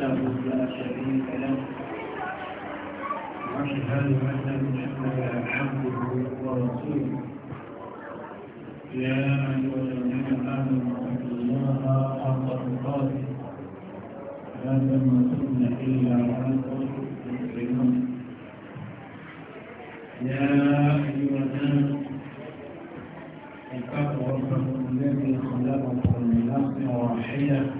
وحده لا شريك له واشهد ان محمدا عبده ورسوله يا ايها الذين امنوا اتقوا الله حق تقاته لا تموتن الا وانتم مسلمون يا ايها الناس اتقوا ربكم الذي خلقكم من نفس واحده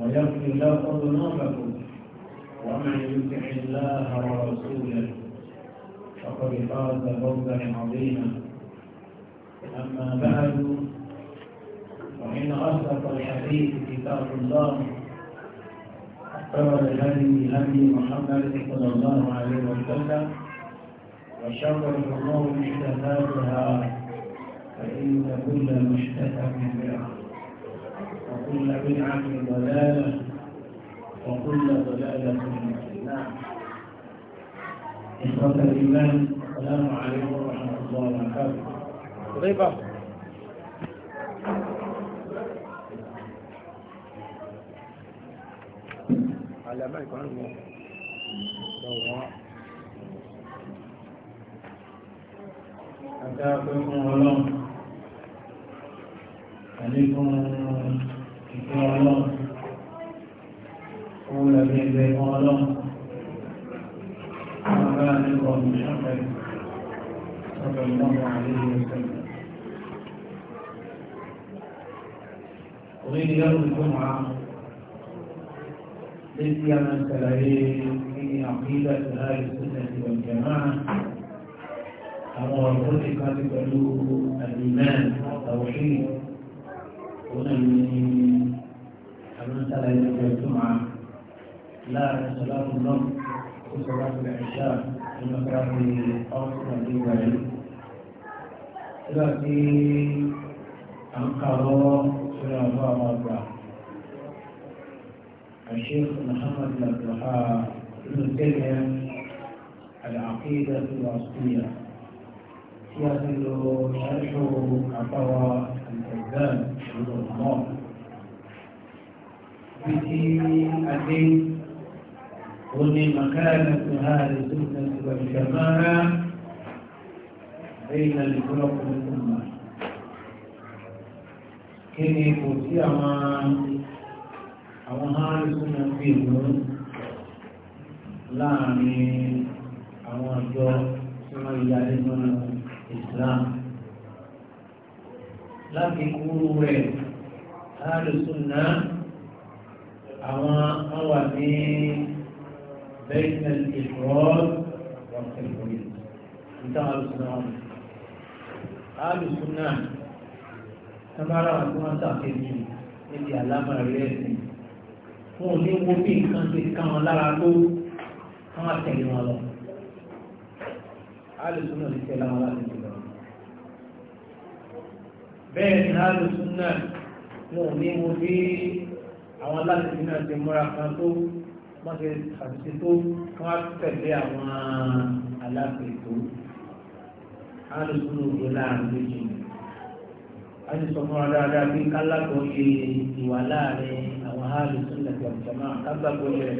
ويغفر لكم ذنوبكم ومن يطع الله ورسوله فقد فاز فوزا عظيما اما بعد فان اصدق الحديث كتاب الله احترم الهدي هدي محمد صلى الله عليه وسلم وشر الامور محدثاتها فان كل من بعض وكل بدعة ضلالة وكل ضلالة من النار إخوة الإيمان السلام عليكم ورحمة الله وبركاته طيبة على ما يكون عنده Até a عليكم قالوا قول من ذي قالوا أبا نظر مشاكل صلى الله عليه وسلم أريد يوم الجمعة ليسيا من سلاهين في عقيدة أهل السنة والجماعة أما وردك قد الإيمان التوحيد هنا من سنة يوم الجمعة لا صلاة النوم وصلاة العشاء في المكره أوصل الإبراهيم التي أنقروا خلفاء أربعة الشيخ محمد بن عبد الوهاب بن تيمية العقيدة الوسطية يصل شرح عطاء الكذاب بن الله في الدين ومن مكانة هذه السنة والجماعة بين الفرق والأمة كني قلت أمان أمان هذه السنة فيهم láàrin àwọn àjọ tí wọ́n yà nínú Islam láti kúrú rẹ̀ láàrin sunna àwọn awà ní bẹ́ẹ̀nẹ̀lì ìfọ́ọ̀lù wọ́pẹ̀lẹ̀ níta alùsùnà wọn. alùsùnà tábàrà wà tí wọ́n ṣàkéjì níbi àlámàrí ẹ̀sìn wọn ò ní wo bí nǹkan ti ká wọn lára tó wọn àtẹ̀lé wọn lọ. alùsùnà ti tẹ̀lé wọn láti jùlọ. bẹ́ẹ̀ ni alùsùnà wọn ò wo bí àwọn aláṣẹ ìlú náà ti múra kan tó wọ́n ti àtúnṣe tó wọ́n á tẹ̀lé àwọn aláṣẹ tó alùpùpù òde láàrin méjì a ti sọ fún wa dáadáa bí kálákọ̀ọ́ ṣe ìwà láàrin àwọn alùpùpù lẹ́tọ̀ ìjọba kágbàgbọ́ rẹ̀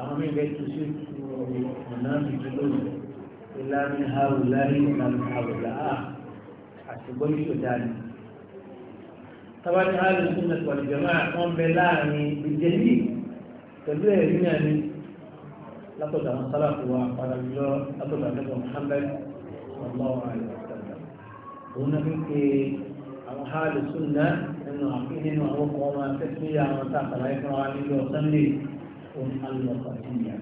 àwọn mẹ́gbẹ́ tó ṣe ọ̀nà ìdúró ìlànà àwòlá ìlànà àwòlá àtìgbọ́ yóò dáa طبعا أهل السنة والجماعة أم بلاني بالجميع تدري بناني لا تدع الصلاة وعلى الله لا تدع النبي محمد صلى الله عليه وسلم هنا منك أهل السنة أنه عقيدين وعروق وما تسمية على تعقل عليك وعلى الله وصلي هم المصرحين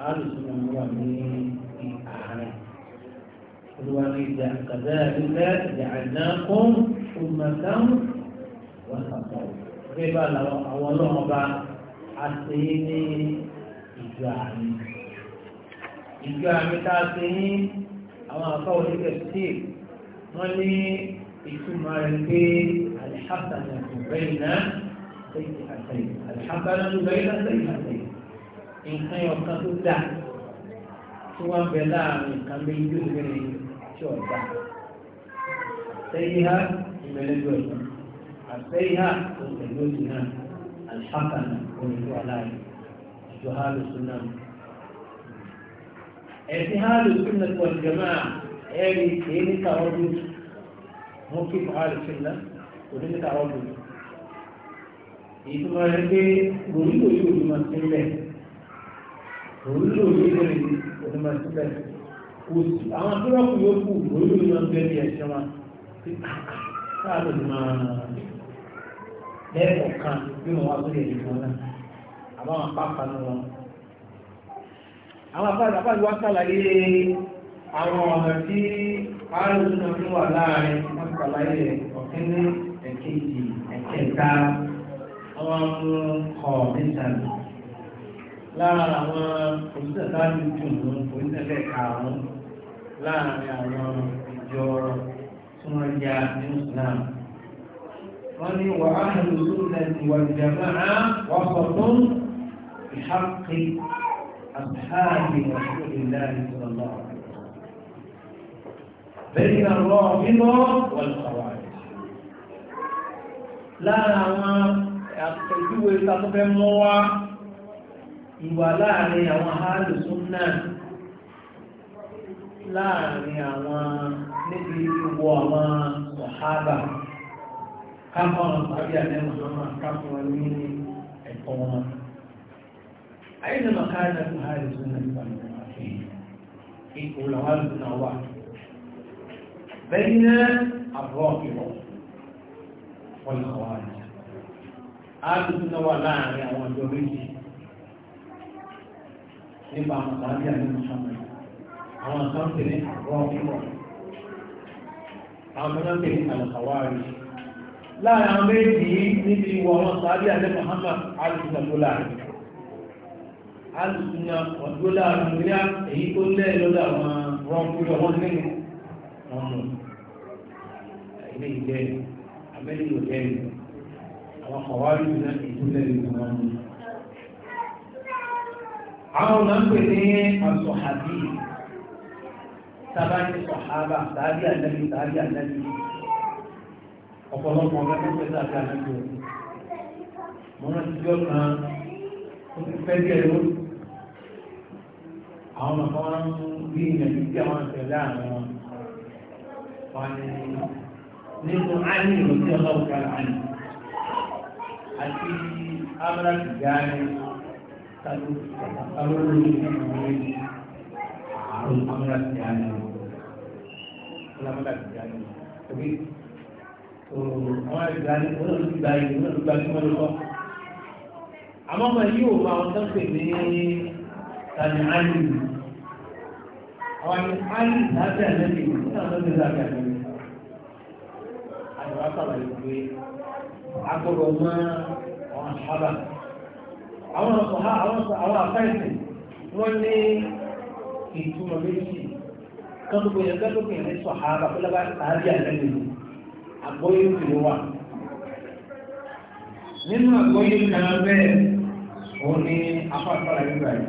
أهل السنة مرامين في أهل السنة وإذا كذلك جعلناكم أمة wọ́n sàkọ́ bí bá làwọn àwọn ọlọ́run bá a ṣe é ní ìjọ àmì ìjọ àmì tá a ṣe ní àwọn àkọ́ oníkẹ́ sí wọ́n ní ìtumọ̀ rẹ̀ pé alihamdulilayi ọ̀gbẹ́yìn náà ṣèyí àtẹ̀yìn alihamdulilayi ọ̀gbẹ́yìn náà ṣèyí àtẹ̀yìn nǹkan ọ̀kan tó dáa tí wọ́n bẹ láàrin nǹkan méjì tó gbé ní tí ṣèyí ha ìmẹ̀lẹ́gbẹ̀ẹ́ àtẹ́yà òṣèlú náà alhakana onílù aláì ìjọ hálù súnà ẹ̀sìn hálù súnà wal jamaa ẹ̀rí èyí ní káwọn dúdú mú kí hálù súnà onílù káwọn dúdú ìtumọ̀ rẹ̀ pé ròyìnbó yóò ní máa sílẹ̀ ròyìnbó yóò ní máa sílẹ̀ àwọn akérọ́kù yóò kù ròyìnbó ní máa bẹ́ẹ̀ bí ẹ̀ṣẹ̀ wọn káàdùn máa lẹ́ẹ̀kọ̀ kan bí wọ́n wá sórí ẹ̀yìn wọn náà àmọ́ àwọn apáka nù wọn. àwọn apáka apáka wá sàlàyé àwọn ọ̀nà tí àrùn náà ń wà láàrin wọ́n sàlàyé ọ̀kẹ́ni ẹ̀kejì ẹ̀kẹta àwọn amú kọ̀ nísàlẹ̀ lára àwọn òṣìṣẹ́ sáájú jùlọ òṣìṣẹ́ lẹ́ẹ̀ka àwọn láàrin àwọn ìjọ tí wọ́n ya ní Islam. الحقاني وأهل السنه والجماعة وسط بحق أصحاب رسول الله صلى الله عليه وسلم بين الرافضة والخوارج لا نعم أقتدوا تطبموا إبالاني أو أهل سنة láàrin àwọn níbi ìwọ àwọn ọ̀hábà káfọ́ ọ̀rọ̀ tàbí àlẹ́mọ̀ lọ́nà káfọ́ wọn ní ẹ̀kọ́ wọn. ayé ni màkà ẹ̀dá tó ha ẹ̀sùn náà nípa nípa àti ipò làwọn àlùkùn náà wà. bẹ́ẹ̀ ní àbúrò ìwọ̀ wọ́n lè kọ́ wáyé. àlùkùn náà wà láàrin àwọn méjì níbi ìwọ̀ wọn sàábí àlẹ́ Muhammad alùsùnà alùsùnà ọ̀dọ́là àmúríà èyí tó lẹ́ lọ́dọ̀ àwọn rọ́nkúrò wọn nínú ọmọ ilé ìjẹ́ abẹ́lẹ̀ ìjẹ́ àwọn kọ̀wárí ìjẹ́ ìjúlẹ̀ ìjọba àwọn ọmọ ń pè ní àsọ̀hàbí sábà ní sọ̀hábà sàábí àlẹ́bí ọ̀pọ̀lọpọ̀ ọ̀gá tó fẹ́ẹ́ dàbí àdúgbò mo rántí jọ kan ó ti fẹ́ díẹ̀ ló àwọn màmá wọn ń rí ìyẹ̀dí tí àwọn ni nínú áyì ìròyìn ọlọ́wọ́ kan áyì àti amúra tìgáàrí tàbí olórí ìwé àrùn amúra tìgáàrí ọlọ́mọdà àwọn ìgbà ní olóògbà yìí olóògbà tí wọ́n lọ. àmọ́ ọmọ yìí ò máa ń tọ́pẹ̀ ní tani áyù àwọn áyù lábẹ́ àlẹ́bí náà lọ́dún lábẹ́ àlẹ́bí. àyọ̀wá sàlàyé pé agbọ́dọ̀ mọ́ àwọn àṣàbà àwọn ọ̀sán àwọn àfẹ́sìn wọ́n ní ìtumọ̀ méjì kan gbogbo yẹn kan gbogbo yẹn ní sọ̀hábà kó lábẹ́ àlẹ́bí àgbóyé ti wà nínú àgbóyé kan bẹ́ẹ̀ òun ni afáfára gbígbà yìí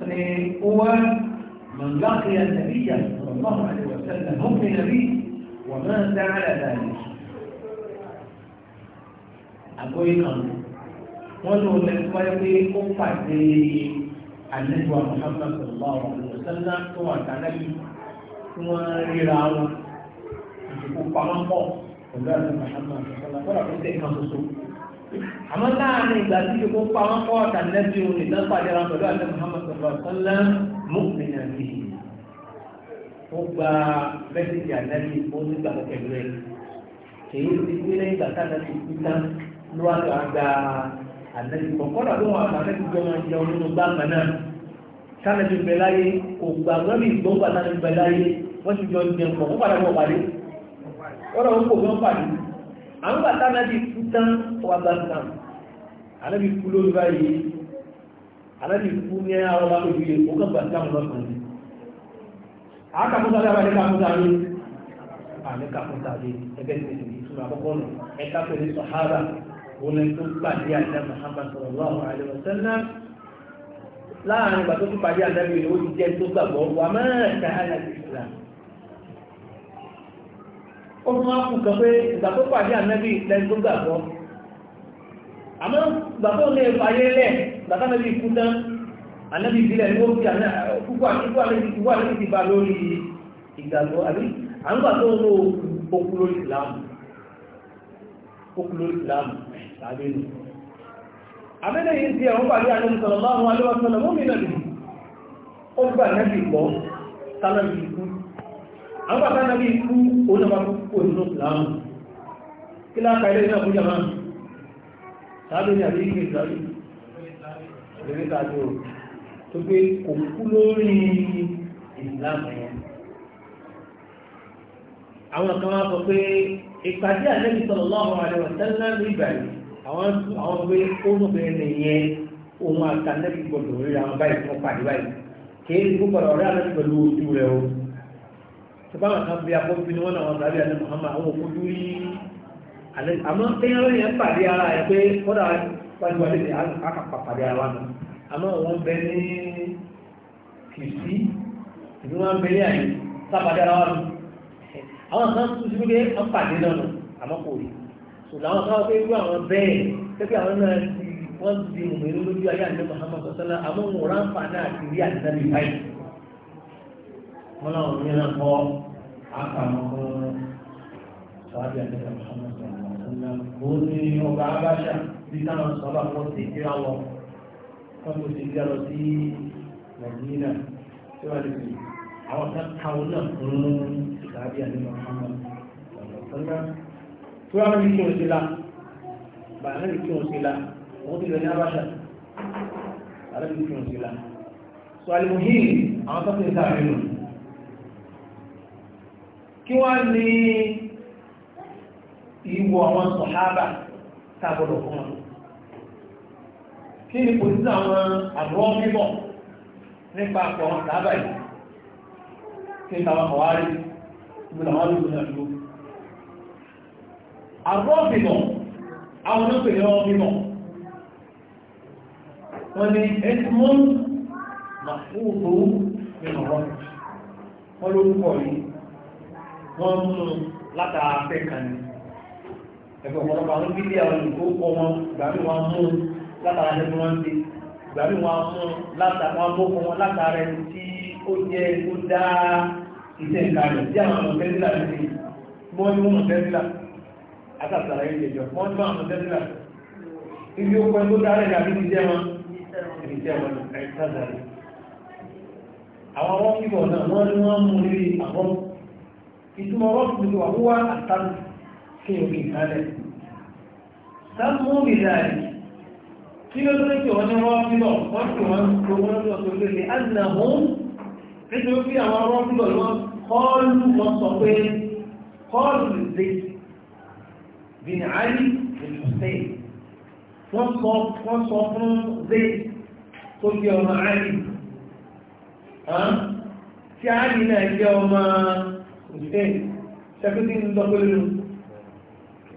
ó ní ó wá mọ̀láfíà nàbíyà ọ̀gbọ́n àdìwọ̀sẹ́lẹ̀ ó fi nàbí wọ́n náà dá àlẹ́ dàlẹ́ àgbóyé kan wọ́n lò lẹ́nu wáyé pé ó pàdé àlejò àwọn ọmọ sọ̀rọ̀ àwọn ọ̀sẹ̀ ńlá tó wà tálẹ́bí tí wọ́n ríra wọn. pamọ́ pọ̀ pẹ̀lú àti mahama àtọ́lá kọ́lá tó tẹ̀ kan soso. àmọ́ láàrin ìgbà tí kò pamọ́ pọ̀ tànẹ́bí òun nìkan pàdé ara pẹ̀lú àti mahama àtọ́lá mọ́kùnrin àti ó gba mẹ́sẹ̀jì àtẹ́bí ó ní gbàgbọ́ pẹ̀lú ẹ̀. èyí ti gbé lẹ́yìn ìgbà tá ló wá lọ gba àtẹ́jú kọ̀kọ́dà tó wọn àtẹ́jú jọ máa jẹun nínú gbàgbà ti jọ jẹun pọ̀ wọ́n padà kọ́rọ̀ ń kò wọ́n pàdé àwọn bàtà náàbì kú tán wà gbàtàn anábì kú lórí báyìí anábì kú ní àwọn bá lórí gbàtàn lọ́kàn láàrin ìgbà tó tún pàdé ó ti jẹ́ tó gbàgbọ́ wà ṣe ó fún wa kan pé ìgbà tó pàdé ànábì lẹ́yìn tó gbàgbọ́ àmọ́ ìgbà tó lè na lẹ̀ ìgbà tó ànábì tán ànábì ìbílẹ̀ ni ó fi kúkú ànábì kúkú ti ba lórí ìgbàgbọ́ àbí àǹgbà tó ń lo okú lórí okú lórí tàbí nù àbẹ́lẹ̀ yìí ti àwọn bàbá náà bí ikú onígbàkú kò nínú ìlànà kí láàkà ilé náà fún jama sáàbí ní àbí ìgbè ìsàrí lórí tàbí o tó pé kò kú lórí ìlànà yẹn àwọn kan wá sọ pé ìpàdé àlẹ́bí sallallahu alaihi wasallam ní ìgbà yìí àwọn gbé oúnjẹ nìyẹn ohun àtàlẹ́bí gbọdọ̀ rí àwọn báyìí fún pàdé báyìí kì í gbọ́dọ̀ ọ̀rẹ́ àlẹ́bí rẹ̀ tọ́báwọn kan bí akọ́bí ni wọ́n náà wọ́n tàbí àti Muhammad àwọn òfojú rí àmọ́ téèyàn yẹn pàdé ara ya pé ya pàdé wà lẹ́sẹ̀ pàdé ara wa nù àmọ́ bẹ ní kìsí ìlú wọn bẹ ní àyè sábàdé ara àwọn kan tún sí pé pàdé náà nù kò rí àwọn kan àwọn bẹ́ẹ̀ àwọn náà ti wọ́n ti di lójú ayé àti Muhammad sọ́sọ́lá wọn wọn làwọn mìíràn kọ́ àkàmọ́ fún sàbí àdéhà muhammed sàlá ó ní ọba abáṣà tí táwọn sọ́lá wọn ti gbé àwọn wọn kò ti gbé lọ sí nàìjíríà tí wọ́n lè fi àwọn kan káwọn náà fún sàbí àdéhà muhammed sàlá tí wọ́n lè fi kí wọ́n ní ìwọ àwọn sọ̀hábà tàbọ̀lọ̀ fún wọn kí ni kò sí àwọn àbúrọ̀ mímọ̀ nípa àpọ̀ àwọn sọ̀hábà yìí kí ni tàwọn àwárí ìgbìlà wọn lóòrùn náà ló àbúrọ̀ mímọ̀ àwọn olóògbèlè wọn mímọ̀ wọ́n ni edmund mafuhu mímọ̀ wọn wọ́n mú látara pé kan ní ẹ̀fọ́ ọ̀pọ̀lọpọ̀ àwọn bíbí àwọn olùkó kọ́ wọn gbàmí wọn mú látara ẹni tí wọ́n ń ṣe gbàmí wọn mú látara wọn mú wọn látara ẹni tí ó jẹ́ ó dá iṣẹ́ ìkàlẹ̀ tí àwọn ọmọ tẹ́sílà ń ṣe bọ́ ní wọn tẹ́sílà àtàtàrà ilé ìjọ wọ́n ní wọn tẹ́sílà ibi ó pẹ́ tó dára ẹ̀dà bí ti jẹ́ wọn ìjẹ́ wọn ẹ̀ẹ́sàdàrí àwọn ọmọ kíkọ̀ náà wọ́n ní wọ́n mú rí àwọn ìtumọ̀ rọ́pù ni wà wúwá àtàlù kí o kì í kálẹ̀ sáàmù ìdáyì tí ó tó lẹ́kì wọ́n ní rọ́pù lọ wọ́n sì wọ́n tó wọ́n lọ tó lé lé àdínàmú nítorí pé àwọn rọ́pù wọ́n kọ́ọ̀lù wọn sọ pé kọ́ọ̀lù lè bin ali bin hussein wọ́n sọ fún zayd tó jẹ́ ọmọ ali tí ali náà jẹ́ ọmọ ìsẹ́yìn ṣẹ́kítí ń lọ pẹ̀lú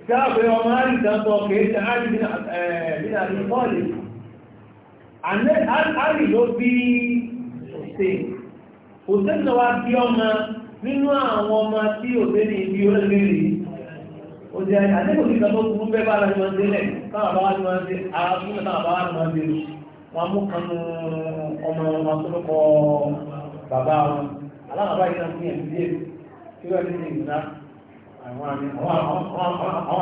gáàbẹ̀ ọmọ àríkàntọ́ kèéṣẹ́ àríkàntọ́ ó jẹ́ àdébòsí ìgbà tó kúrú bẹ́ bára ní wọ́n délẹ̀ táwọn àbáwá ní wọ́n dé àwọn táwọn àbáwá ní wọ́n dé wọn mú kanú ọmọ wọn tó lọ́kọ bàbá wọn aláàbá ìdáhùn ní ẹ̀mí díẹ̀ irọ́ ní ní ìgbà àwọn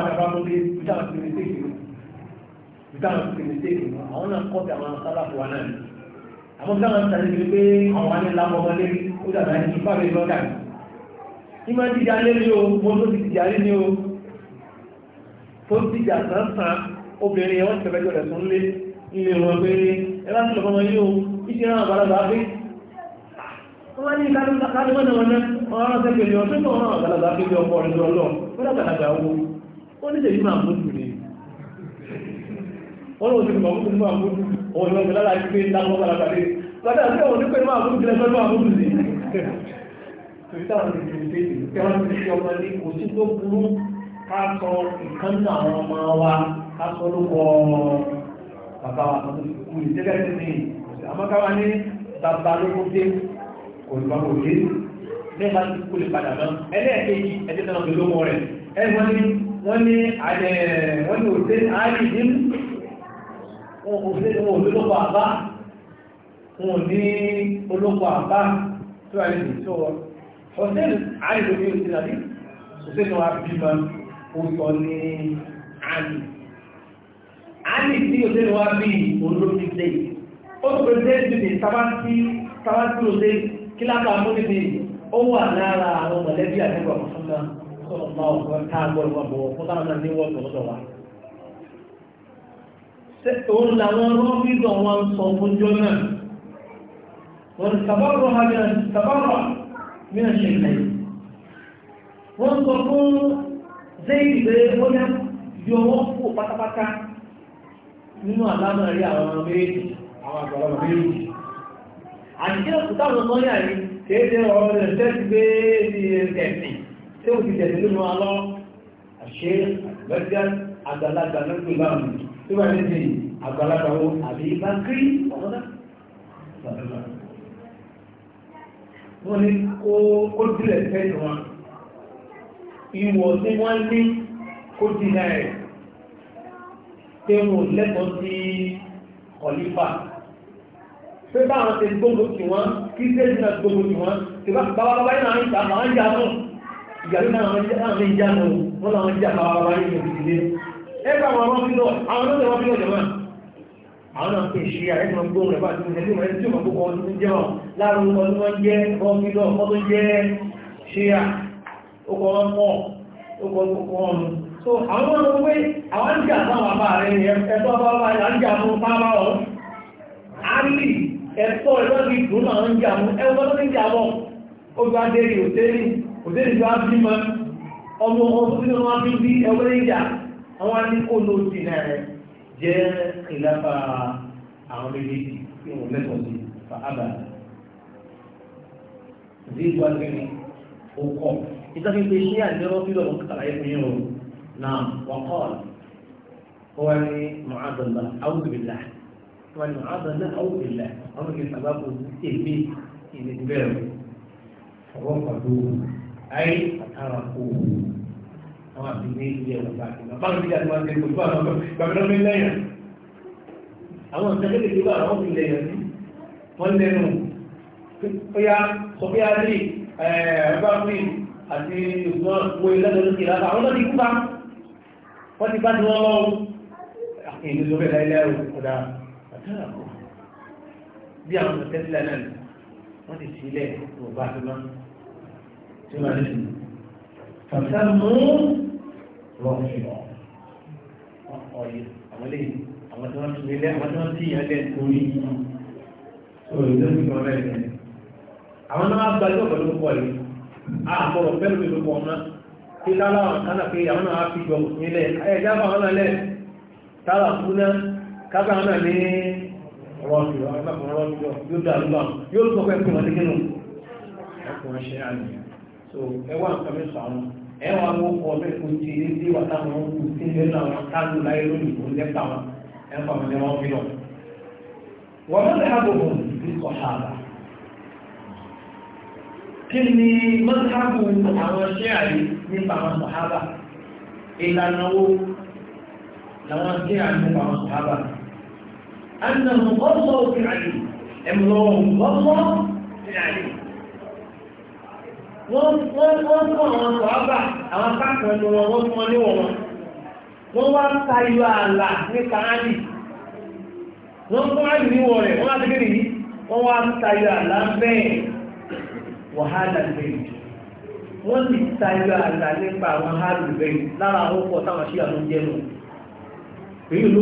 àdàbà tó dé ìdáhùn sí mistake nù ìdáhùn sí mistake nù àwọn náà kọ́ bí àwọn sálàfù wa náà àwọn ìdáhùn sí àlejò pé àwọn alẹ́ làwọn ọmọdé ó dàgbà ní ìfá mi lọ́dà ìmọ̀ ti jà lé ní o mo tó ti jà lé ní o tó ti jà sàn sàn obìnrin ẹ̀ wọ́n ti fẹ́ jọ rẹ̀ tún lé ilé wọn pé ẹ bá ti lọ́kọ́ wọn yóò ìṣẹ́ náà bàbá bàbá pé wọ́n ní kálùmọ́nà wọn náà wọ́n rán sẹ́kẹ̀ yọ tó náà àgbàlagbà fi lé ọkọ̀ ìlú ọlọ́ wọ́n àgbàlagbà wo ó ní tèmi máa mọ́tò ni wọ́n lọ́wọ́ sí máa mọ́tò ní máa mọ́tò ọ̀wọ́ ìwọ̀n ìgbàlá ti pé dákọ́ àgbàlagbà dé gbàdá sí ọ̀wọ́ ní pé máa mọ́tò ti lẹ́sọ́ máa mọ́tò sí torí táwọn ìgbìmọ̀ pé ìkẹ́wọ́n ti fi ọmọ ní kò sí tó burú ká sọ ìkan náà àwọn ọmọ wa ká sọ lóko bàbá wa kò ní tẹ́lẹ̀ sí ni àmọ́ káwa ní bàbá lóko dé kò ní bàbá òkè nípa tí kò lè padà lọ ẹlẹ́ẹ̀kejì ẹjẹ́ tọ́lọ́ pẹ̀lú ọmọ rẹ̀ ẹni wọ́n ní wọ́n ní àjẹ́ wọ́n ní òṣè àárín ní òṣèlú olóko àbá wọn ní olóko àbá tó wà nínú ìṣòro òṣèlú àárín ló ní òṣèlú àbí òṣèlú àbímọ òṣọ ní àárín àárín tí òṣèlú wa bí olómi lẹ́yìn ó tó pẹ̀lú tẹ́lifíṣẹ̀ sábà tí sábà tí òṣèlú kí lápá mú níbi ó wà lára àwọn mọ̀lẹ́bí àtẹ́gbà mọ̀sánná sọ̀rọ̀ máa ọ̀gbọ́n ká gbọ́dọ̀ wà bọ̀wọ̀ fún táwọn náà ní wọ́n tọ̀lọ́dọ̀ wa. òun làwọn rọ́bìdọ̀ wọn sọ fúnjọ́ náà wọ́n sàbọ̀rọ̀ sàbọ̀rọ̀ mìíràn ṣe ìlẹ̀ wọ́n sọ fún zéyìí pé ó yá yọ wọ́n kú pátápátá nínú àlámọ̀ rí àwọn ọmọ méjì àwọn àgbàlagbà méjì àti kí kéde ọ̀rọ̀ rẹ̀ tẹ́gbé ti ẹ̀sìn tí ó ti tẹ̀sí nínú alọ́ àṣẹ àgbẹ́gbẹ́ àgbàlagbà lókè báwọn tó bá níbi àgbàlagbà wo àbí bá kiri ọ̀dọ́dá wọ́n ní kó dílẹ̀ tẹ́sí wọn ìwọ̀ tí wọ́n ní kó dílẹ̀ rẹ̀ pé wọn lẹ́kọ̀ọ́ sí kọ̀lífà pé báwọn ṣe gbogbo tì wọ́n kí sẹ́yìn náà gbogbo tì wọ́n tí bàbá bàbá yìí náà ń ta àwọn ìjà náà ìyàwó náà àwọn ìjà náà wọ́n náà ń jà bàbá bàbá yìí lòdì sílé ẹgbẹ́ àwọn ọmọ fílọ̀ àwọn ọmọ ọmọ fílọ̀ jọmọ́ àwọn náà pè ṣe àrẹ́sìn ọmọ gbóhùn rẹ̀ bá ti ń tẹ̀lé ìmọ̀ ẹ̀sìn ọmọ gbóhùn ọdún tó jẹ́ ọ̀ láàrùn ọmọ tó ń jẹ́ ọmọ fílọ̀ ọmọ tó jẹ́ ṣe à ọkọ̀ ọmọ ọkọ̀ ọkọ̀ ọmọ so àwọn ọmọ pé àwọn ń jà sáwọn bàbá rẹ̀ ẹ̀tọ́ bàbá rẹ̀ là ń jà fún ẹ̀tọ́ ẹ̀tọ́ ti dùn náà jà mú ẹ̀tọ́ tó ti jà bọ̀ ó òtẹ́rì òtẹ́rì tó á mọ́ ọmọ ọmọ tí wọ́n bí bí ẹ̀wọ́n àwọn náà jẹ́ ìlàpá àwọn méjèèjì tí wọ́n sí pé ṣé bí o àwọn òkè sábàbò èmi ìní bẹ́ẹ̀ ọwọ́ pàdó ayé àtàrà kò àwọn àti ní ilé ẹ̀rọ bá ti máa bá ti àti máa ń gbèsè fún àwọn gbàgbé lọ́mọ lẹ́yìn àwọn ìṣẹ́jẹ́ lè gbà àwọn òkè lẹ́yìn sí wọ́n lẹ́nu bóyá sọfíà rí ẹ̀ẹ́dọ́gbìn àti ìgbọ́n wo ilé ẹ̀rọ lókè lára àwọn náà ti kú bá wọ́n ti bá ti wọ́n lọ́wọ́ àti ìlú lórí ẹ̀rọ ọ̀dà àtàrà kò bí àwọn mọ̀tẹ́sílẹ̀ náà ni wọ́n ti sílẹ̀ tó bá fi mọ́ tí wọ́n ti fàtà mú rọ̀fìọ̀ ọ̀yẹ́ àwọn lè àwọn tí wọ́n ti lé àwọn tí wọ́n ti yàn lẹ́ torí ọ̀rọ̀ ìlú ti kọ́ rẹ̀ lẹ́yìn àwọn náà gba ẹgbẹ́ pẹ̀lú pọ̀ yìí àbọ̀rọ̀ pẹ̀lú pẹ̀lú pọ̀ náà tí lára àwọn kánà pé àwọn náà fi jọ òsìn ilẹ̀ ẹ̀já bá náà lẹ̀ tára kú náà ní rọ́ọ̀lù rọ́ọ̀lù yóò dàrú bá yóò sọ pé kùnà nìkínú ọkùnrin ṣe àmì so ẹwà nǹkan mi sọ àwọn ẹwà wọn kọ ọbẹ kò tí ilé tí wà táwọn ń kú sí ilé náà wọn kálù láyé lónìí kò ń lẹ́pà wọn ẹnfà wọn ni wọn fi lọ. wọn mọ̀lẹ́ àbòbò ní sọ̀hálà kí ni mọ́tàbù àwọn ṣé àyè nípa àwọn sọ̀hálà ìlànà wo làwọn أنهم غلطوا في علي امرهم غلطوا في علي wọ́n wọ́n fún àwọn sọ̀rọ̀bà àwọn akẹ́kọ̀ọ́ ẹnu wọn wọ́n fún wọn ní wọn wọ́n wá ta ìlú ní wọ́n ní rẹ̀ wọ́n wá wọ́n wá ta ìlú bẹ́ẹ̀ wàhálà bẹ́ẹ̀ wọ́n ta ìlú nípa àwọn bẹ́ẹ̀ lára àwọn ọkọ̀ táwọn ló ń jẹ́ nù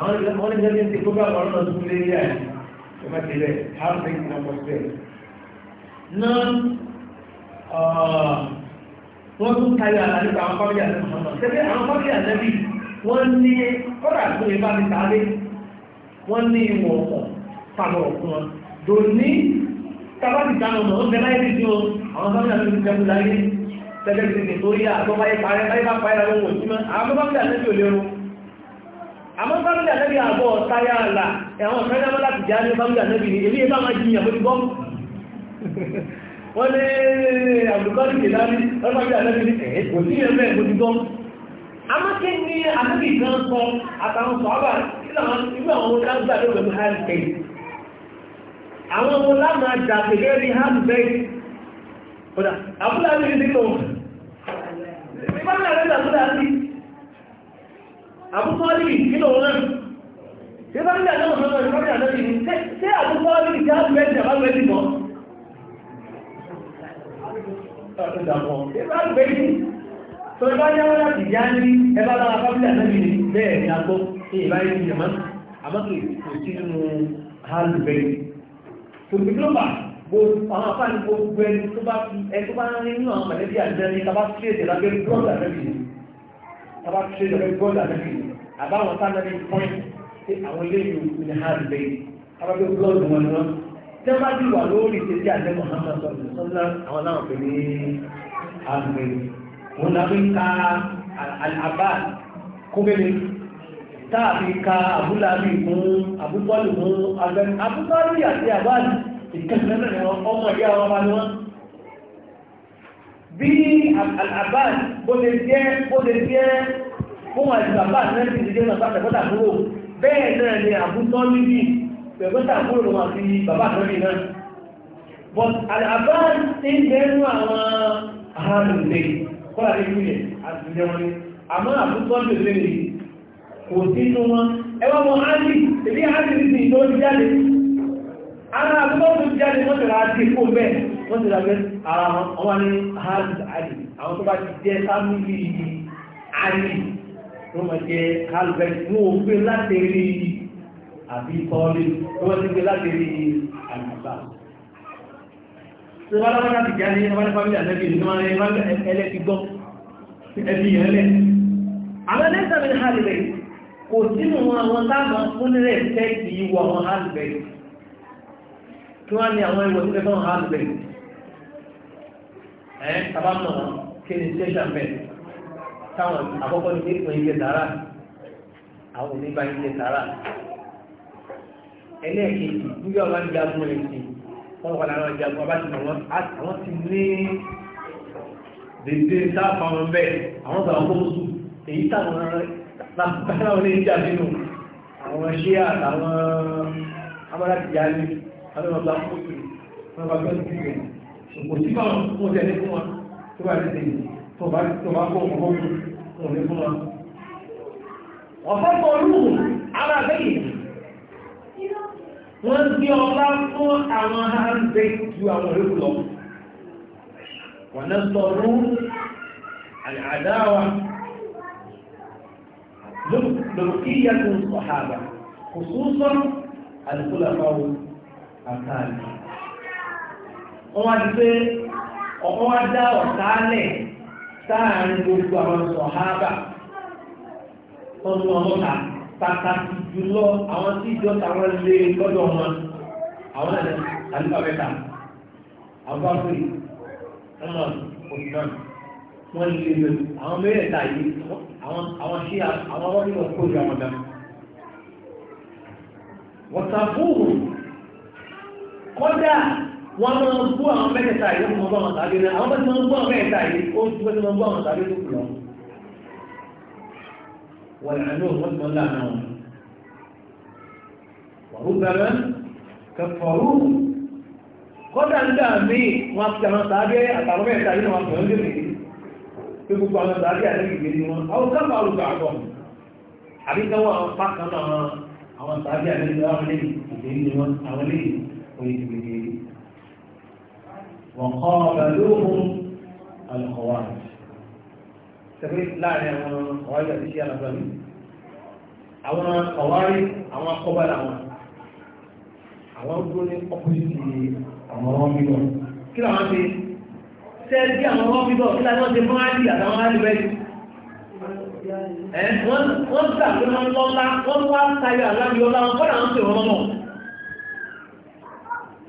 àwọn ìjọba ní ti gbogbo àwọn ọ̀rọ̀ tó lé yà ẹ̀ bá ti rẹ̀ hàbí ìpínlẹ̀ ọ̀pẹ̀ náà wọ́n tún tayọ àlàrípa àwọn fábílì àti mọ̀mọ́ tẹ́lẹ̀ àwọn fábílì àtẹ́bí wọ́n ní kọ́dà tó lè bá ti tààlé wọ́n ní ìwọ̀n ọ̀pọ̀ pàbọ̀ ọ̀pọ̀ wọn dòní tabati kanu mọ ọsẹ láyé ti tó àwọn sábà náà ti tẹkù láyé tẹkẹ ti tètè tó yá àtọ́ báyé parẹ́ báyé bá parẹ́ àwọn òṣìṣẹ́ àwọn bábí àtẹ́bí ò lérò àmọ́ fámílì ànẹ́bì àbọ̀ táyà àlà ẹ̀wọ̀n fẹ́lẹ́mọ́ láti já ní fámílì ànẹ́bì ní èlé ẹbá máa jìyàn bó ti bọ́ wọ́n lé àbùkọ́lì kèlárí fámílì ànẹ́bì ní ẹ̀ kò sí ẹ̀mẹ́ bó ti bọ́ àmọ́ kí ni ànẹ́bì kan sọ àtàwọn sọ̀ọ́bà nínú àwọn ọmọ lágbà ló pẹ̀lú hàlùbẹ́ àwọn ọmọ lámà dà pẹ̀lú ẹni hàlùbẹ́ àbúlà àbúkọ́lì kí lòun náà ṣe bá nígbà náà lọ́wọ́ ìrọ́lẹ̀ àlọ́lẹ̀ ní ṣe àbúkọ́lì tí a gbẹ́ ìjàmbá gbẹ́ ìbọn tó ẹbá yá wọ́n láti yá ní ẹbá lára fábílì àtẹ́bì ní bẹ́ẹ̀ ni a gbọ́ ní ìbáyé ní ìyàmá àbákò ìsí nínú hálùbẹ́ẹ̀ tó fi glóbà gbogbo àwọn afáàní gbogbo ẹni tó bá rí nínú àwọn mẹ̀lẹ́bí àjẹ́ ní tàbá sí èdè lábẹ́rú blọ́ọ̀dù àtẹ́bì ní tàbá tí ó lọ́wọ́ gọ́ọ̀dà lẹ́bí àbáwọn sánẹ́bí pọ́ìn tí àwọn iléèwé ní hàlùbẹ́ abájọ́ gọ́ọ̀dù wọn náà tí wọ́n bá ti wà lórí ìṣẹ́jì àjẹ́ Muhammad sọ̀rọ̀ sọ́nà àwọn náà pè ní hàlùbẹ́ wọn náà fi ka àbá kúbẹ́lẹ́ táàfi ka abúlábì fún abúbọ́ọ̀lù fún abúbọ́ọ̀lù àti àbáàlì ìkẹ́kẹ́ náà ni wọ́n ọmọ ìyá wọn bá ní wọ́n bí àbáàd bó lè jẹ́ bó lè jẹ́ fún àìsàn àbáàd náà ti jẹ́ bàbá tẹ̀gbọ́tà kúrò bẹ́ẹ̀ náà ni àbútọ́ níbi tẹ̀gbọ́tà kúrò lọ́wọ́ àti bàbá àtọ́rí náà but àbáàd ti ń bẹ́ẹ̀rù àwọn aráàlùmí kọ́lá ní ìpínlẹ̀ àti ìjẹ́ wọn ni àmọ́ àbútọ́ ní òṣèlú kò sí inú wọn ẹwọ́n wọn áàlì èdè áàlì ti ìjọ́ ti jáde ara àbútọ́ tó jáde wọ́n tẹ̀lá àti ìkó bẹ́ẹ̀ wọ́n tẹ̀lá bẹ́ẹ̀ ara wọn ní halis ali àwọn tó bá ti jẹ́ sáàmìlì ali tó wọ́n jẹ́ halbert mú o gbé láti rí àbí tọ́lé tó wọ́n ti gbé láti rí àgbà tí wọ́n láwọn láti jẹ́ ní ẹgbẹ́ fámílì àtẹ́bí ní wọ́n rẹ̀ ẹlẹ́ti gbọ́ ẹbí ẹlẹ́ àwọn ẹlẹ́sẹ̀ mi ní halibẹ̀ kò sínú àwọn táwọn fúnilẹ̀ tẹ́ẹ̀kì ìwọ̀ àwọn halibẹ̀ tí wọ́n ní àwọn ìwọ̀ sílẹ̀ fún halibẹ̀ ẹ̀ sábà mọ̀ kí ni tẹ́sán bẹ́ẹ̀ táwọn àkọ́kọ́ ní pípọ̀ iye dára àwọn oníbà iye dára ẹlẹ́ẹ̀kejì níbi ọba ń jagun rẹ̀ sí wọ́n wà lára jagun ọba ti mọ̀ wọn àwọn ti ní dèdè sáfà wọn bẹ́ẹ̀ àwọn gbà wọn kó mú sùn èyí táwọn lápára wọn ní ìjà nínú àwọn ṣíà àtàwọn amọ́lájìyà ní àwọn ọba kó sùn wọn bá gbọ́dọ̀ sí ìgbẹ̀yìn kò sí báwọn mo tẹ̀lé fún wa tó wọ́n gbé ọlá fún àwọn àǹdẹ̀ ju àwọn ìlú lọ. wọ́n náà sọ̀rọ̀ àdáwà لوكية الصحابة خصوصا الخلفاء الثالث wọ́n wá di pé ọ̀pọ̀ wá dá ọ̀tálẹ̀ sáàrin gbogbo àwọn sọ̀hábà ọdún ọmọta pàtàkì jùlọ àwọn tí ìjọ táwọn lé lọ́dọ̀ wọn àwọn àlùfàbẹ́ta àbúfàfẹ́ ọmọ òṣìṣàn wọ́n lè lè àwọn mẹ́rẹ̀ẹ̀ta yìí àwọn ṣí àwọn ọmọdé wọn kó ìjọ àwọn dá wọ́n sàfóòrò kọ́dà wọ́n máa ń bú àwọn mẹ́tẹ̀ẹ̀ta yìí lọ́kùnrin bá wọn tàbí náà àwọn bá ti máa ń bú àwọn mẹ́tẹ̀ẹ̀ta yìí ó ti bá ti máa ń bú àwọn tàbí tó kù lọ. wọ́n yà ní òun wọ́n ti máa ń lànà wọn. wàhú bẹ̀rẹ̀ kẹfọ̀rú kọ́dà ń dà mí wọn ti àwọn tàbí àtàwọn mẹ́tẹ̀ẹ̀ta yìí wọn fẹ́ràn lè mí pé gbogbo àwọn tàbí àtẹ́gbẹ̀gbẹ̀ ni wọn àwọn káfà olùkọ́ àgbọ̀ àbí káwọn àwọn pákan àwọn tàbí àtẹ́gbẹ̀gbẹ̀ وقابلوهم الخوارج تقول لا يعني أنا خوارج أشياء أنا فاهمين àwọn ọ̀wárí àwọn akọ́bá làwọn àwọn tó ní ọ̀pọ̀lọpọ̀ àwọn ọmọ bíbọ̀ kí làwọn ti sẹ́ẹ̀dì àwọn ọmọ bíbọ̀ kí làwọn ti máa di àtàwọn alìbẹ́lì wọ́n gbà pé wọ́n lọ́lá wọ́n wá tayọ àlábíọ́lá wọn kọ́ làwọn pè wọ́n mọ̀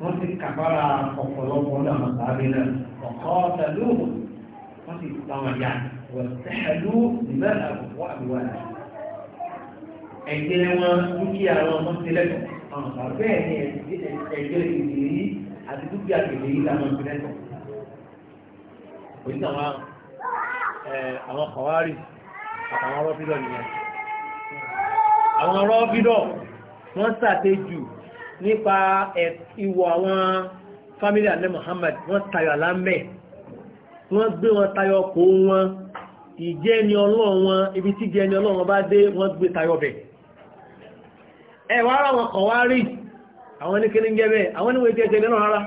wọ́n ti kàbára ọ̀pọ̀lọpọ̀ ní àwọn sàábé náà ọ̀kọ́ tẹ̀lú wọ́n ti tàwọn ya wọ́n tẹ̀lú ìbẹ́ àbùkù àbúwà rẹ̀ ẹgbẹ́ wọn dúkìá wọn wọ́n ti lẹ́tọ̀ àwọn sàábé ẹni ẹgbẹ́ ìdè yìí àti dúkìá kèdè yìí làwọn ti lẹ́tọ̀ òyìn àwọn àwọn kọ̀wárì àtàwọn rọ́bídọ̀ nìyẹn àwọn rọ́bídọ̀ wọ́n sàtẹ́jù nípa ìwọ̀ àwọn fámílì àlẹ́ Muhammad wọ́n tayọ alámbẹ̀ wọ́n gbé wọn tayọ kó wọn ìjẹ́ ni ọlọ́run wọn ibi tí jẹ́ ni ọlọ́run bá dé wọ́n gbé tayọ bẹ̀ ẹwà ara wọn kàn wá rí àwọn ní kíní jẹ́ bẹ́ẹ̀ àwọn níwẹ̀ jẹ́ jẹ́ náà rárá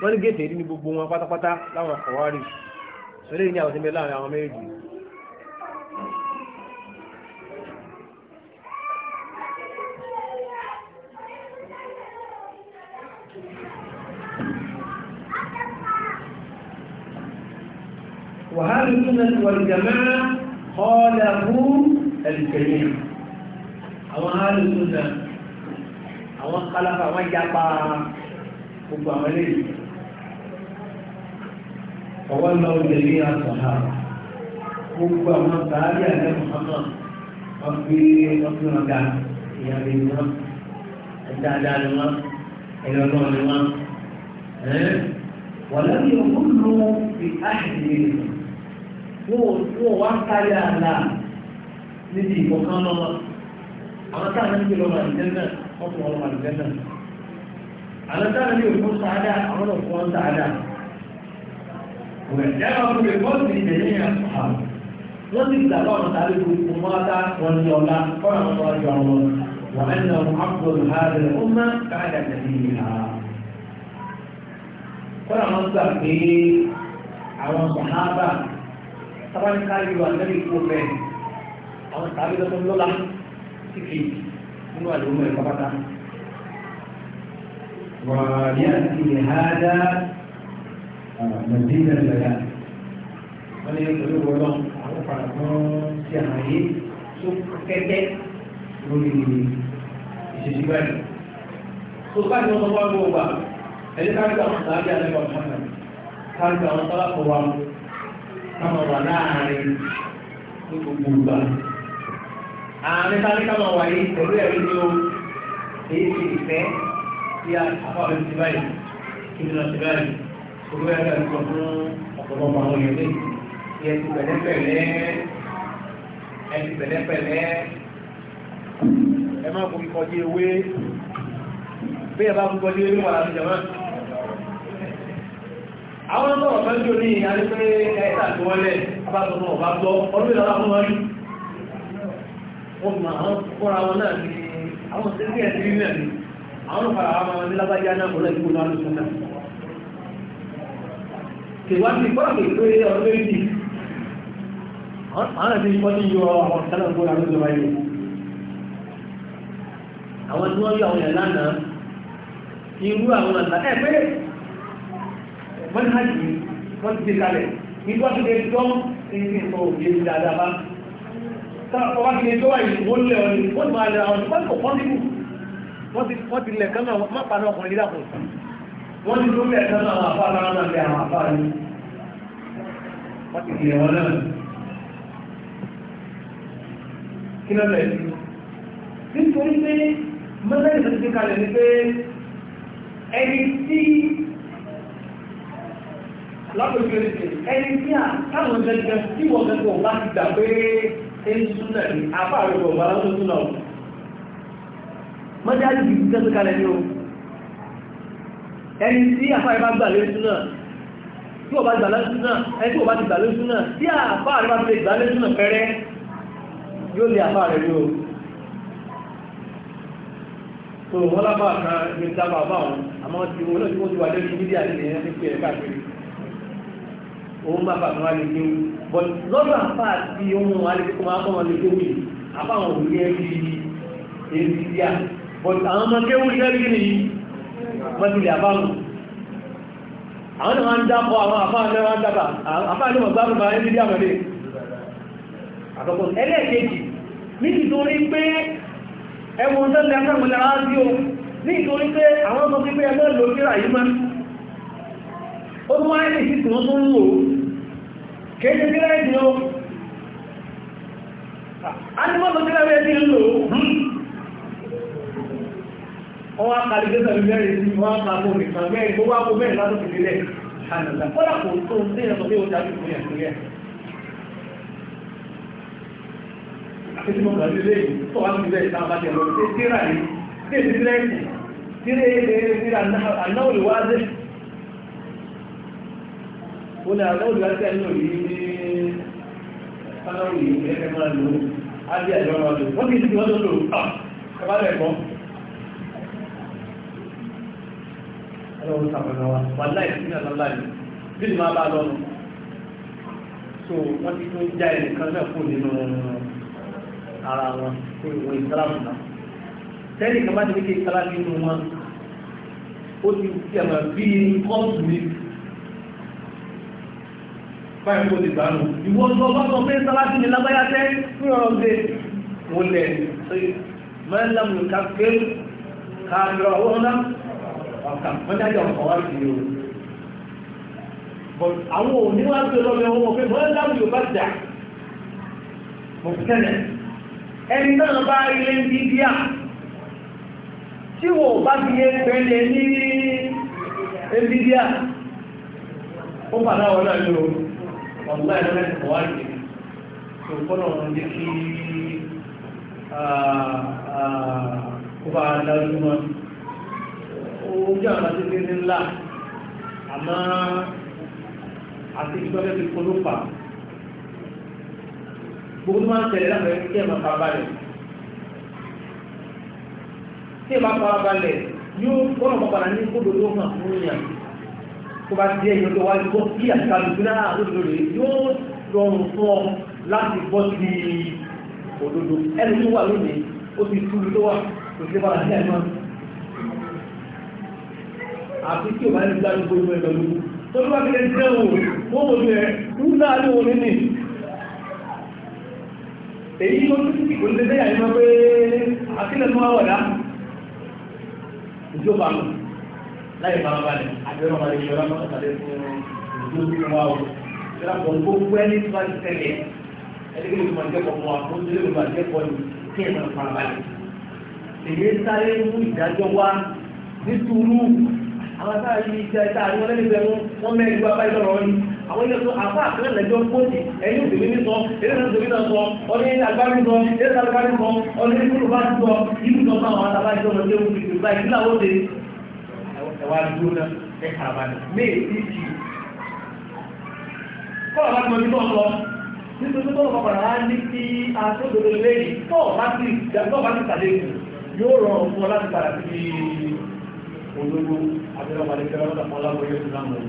wọ́n ní gẹ̀ẹ́sẹ̀ rí ní gbogbo wọn pátápátá láwọn kàn wá rí sọlẹ́ ní àwọn وهل السنة والجماعة خالفوا الجميع أو هل السنة أو خلق وجبا كبا مليم فولوا جميع الصحابة كبا مصاري أن محمد وفي وفي مكان يا بنا أنت على الله إلى الله إيه؟ ولم ولم في أحد منهم wọn wá kárí àlà níbi ìkọ̀kan lọ́wọ́ àwọn táwọn ń gbé lọ́wọ́ àdìjẹ́nà ọkùn wọn lọ́wọ́ àdìjẹ́nà àwọn táwọn ń gbé òkú sáadà àwọn òkú wọn sáadà wẹ̀ ẹ̀rọ ọkùnrin bọ́ọ̀sì ìdẹ̀yìn àpá wọ́n ti gbà lọ́wọ́ sáré gbogbo mọ́ta wọn ní ọ̀la kọ́ra wọn wá jọ wọn wọ́n ẹ̀ lọ àpòlù hàrẹ̀ ọmọ káàdà tẹ̀lé ha kọ́ra wọn gbà pé àwọn sọ̀hábà tabaríká ìlú àtẹ́lẹ̀ ìfò bẹ́ẹ̀ àwọn tàbí lọ́tọ́ lọ́la sí fi nínú àdéhùn ẹ̀kọ́ pátá. wàhálì àti ìhádá mẹ̀dínà lẹ́yà wọ́n ní pẹ̀lú wọlọ́ àwọn farahàn sí àyè tó kẹ́kẹ́ lórí ìṣèjú báyìí. tó bá ní ọmọ wọn gbọ́ wà ẹ̀yẹ́ ká ń gbà wọn tàbí káma wà láàrin ní gbogbo ìgbà àárín tá a ní káma wà yìí pẹ̀lú ẹ̀rí ni ó èyí ti fẹ́ tí a fáwọn ti báyìí kí ni wọ́n ti báyìí olú ẹ̀ka ìkọ̀ fún ọ̀pọ̀lọpọ̀ àwọn èèyàn lẹ́yìn yẹ ti pẹ̀lẹ́pẹ̀lẹ́ ẹ ti pẹ̀lẹ́pẹ̀lẹ́ ẹ má borí kọjú ewé bí ẹ bá borí kọjú ewé wà láti jẹ mọ́. àwọn ní àrífẹ́ ẹ̀ẹ́ta ọ̀bá gbọ́ ọdún fún rí wọ́n wọn náà ní àwọn rí àwọn ọmọ nílábájá náà kò lẹ́yìn kóná lóṣù manhaj yìí wọ́n ti kalẹ̀ nígbà tó lè dán ẹni tó yé ní dáadáa bá sábà wá kí ni tó wà yìí wọ́n lẹ̀ ọ́ ni wọ́n ti máa lẹ̀ ọ́ ni wọ́n ti kọ̀ pọ́ńtì kù wọ́n ti lẹ̀ kánú àwọn mápa náà ọkùnrin dàpọ̀ wọ́n ti lórí ẹ̀kọ́ náà àwọn afárá náà lẹ̀ àwọn afárá ni wọ́n ti lẹ̀ wọn náà kí ló lẹ̀ nítorí pé mọ́tẹ́lì tó ti pé ẹni tí lápòjúwèrè ẹni tí a táwọn jẹjẹ tí wọ́n gẹ́gẹ́ bá ti gbà pé ẹni súnà ní apá rẹ̀ bọ̀ bára tó súnà ọ̀ mọ́jáde yìí tẹ́sí kalẹ̀ ní o ẹni tí apá rẹ̀ bá gbà lé súnà tí wọ́n bá gbà lé súnà ẹni tí wọ́n bá ti gbà lé súnà tí apá rẹ̀ ti gbà lé súnà pẹ́rẹ́ yóò lé apá rẹ̀ ní o tó wọ́n lápá òun máa bàbá wa lè kéwù but lọ́dọ̀ àpá àti ohun wa lè kéwù máa bọ́ wọn lè kéwù yìí àpá àwọn òun ní ẹbí ẹbí díà but àwọn ọmọ kéwù ní ẹbí ní mọ́tìlẹ̀ àbámu àwọn náà ń dápọ̀ àwọn àpá àti wọn dábà àpá àti wọn gbárùn bá ẹbí díà wọlé àkọ́kọ́ ẹlẹ́ẹ̀kejì nítorí pé ẹwọ́n tó lẹ́fẹ́ mọ́lẹ́ rádíò nítorí pé àwọn ọmọ pípẹ́ ẹgbẹ́ lókèrà yìí máa ó tún wáyé ní ìsìnkú wọn tó ń wò ó kéèké gírẹ́ ìdí o animọ́tò gírẹ́ rẹ̀ ti ń lò ó wọ́n á kàlí gẹ́sà mẹ́rin sí wọ́n á kàkó nìkan mẹ́rin gbogbo àpò mẹ́rin látò fi délẹ̀ ànàlá kọ́lá kò tó ń dé ẹ̀sọ́ pé ó dájú fún yàn sílẹ̀ àti mọ́ kàlí lé tó wà nílẹ̀ ìtàbá tẹ̀ lọ sí tíra yìí tí èsì gírẹ́ ìdí tíra yìí tíra anáwó ìwádìí ó ní anáwó ìwádìí sálọ́rì ìrẹ́kẹ́ máa lò ábí àjọ máa lò wọ́n kìí sí wọ́n tó lò ah kọbálẹ̀ ẹ̀kọ́ ọlọ́run sàpẹ̀lẹ̀ wa wà láì sí ìrìnà láì bí so wọ́n ti tún já ẹnì kan náà kú nínú ara wọn kó ìwọ ìsìláàmù náà tẹ́lẹ̀ kan bá ti ní kí ìsìláàmù nínú wọn ó ti ti ẹ̀mọ̀ bí kọ́ọ̀tù mi báyìí kò ti gbà nù ìwọ ọjọ́ bá sọ pé sáláàtì ní lágbáyà tẹ́ fún ọ̀rọ̀ ṣe mo lẹ̀ mẹ́lẹ́mù kàfẹ́ kàfẹ́ ọwọ́ ńlá ọ̀kà mọ́jáde ọ̀kọ̀ wá sí o but àwọn òní wá sí ọlọ́run ọmọ pé mọ́lẹ́mù yóò bá jà mo tẹ́lẹ̀ ẹni náà bá ilé ń bí bíà tí wọ́n bá fi yé pẹ́lẹ̀ ní ebíbíà ó padà wọ́n náà ní o ọ̀gbá ìlọ́lẹ̀ ìwọ̀ wá ìdè tó kọ́nà wọn jẹ́ kí ó bá dájú mọ́ ó jẹ́ àwọn àti ní ńlá àmọ́ àti ìgbọ́lẹ̀ ti kọ́ ló fà gbogbo tó máa ń tẹ̀lé láti ẹni kí ẹ̀ máa fara balẹ̀ tí ẹ̀ máa fara balẹ̀ yóò kọ́nà pàpàrà ní gbogbo tó hàn fún yàn tó bá ti dé ẹ̀yìn ọjọ́ wájú tó kí àtìkálùkù náà lóṣù rẹ̀ yóò rọrùn fún ọ láti bọ́ sí òdodo ẹni tó wà lónìí ó ti túlù tó wà kò sí padà sí àìmọ́ àti tí ò bá ní gbájú gbogbo ẹ̀ pẹ̀lú tó ló bá fi lè jẹ́ òun ó wò ní ẹ̀ ń náà ní òun nínú èyí tó tún sí kò ní lè dẹ́yà láì máa balẹ̀ àbẹ̀rọ̀ máa lè yọra máa tàbí fún ìlú tí wọ́n wá o. Ìjọba kò ń gbogbo ẹni tó bá ti tẹ̀lé ẹni tó máa jẹ́kọ̀ọ́ fún wa kó tó lè máa jẹ́kọ̀ọ́ ni kí ẹ̀ máa fara balẹ̀. Èyí sáré mú ìdájọ́ wá ní túrú àwọn sáà yìí jẹ́ ẹ̀ta àwọn ẹlẹ́gbẹ̀ẹ́ wọn wọ́n mẹ́rin gbá báyìí lọ́rọ̀ ni àwọn ilé tó àpá àpẹẹrẹ lẹ́jọ́ gbòdì ẹ̀yìn òdòdó ní sọ eré náà òdòdó náà sọ ọdún yìí agbárí sọ eré náà agbárí sọ ọdún yìí kúrò bá ti sọ ìlú sọ fún àwọn àtàbájọ́ lọ́jọ́ òdòdó báyìí ẹ̀wà dúró ẹ̀ka àbálẹ̀ ní èyí ti kọ́ọ̀ bá gbọ́n nínú ọ̀lọ́ nítorí tó lọ́pàá padà wá ní kí aṣọ́gbòdò lẹ́yìn tọ́ọ̀ bá ti tàlé ìlú yóò rọrùn fún ọ láti padà sí olówó abẹ́rẹ́ wà lẹ́kẹ́rẹ́ lọ́pàá lábọ́ yóò tún náà mọ̀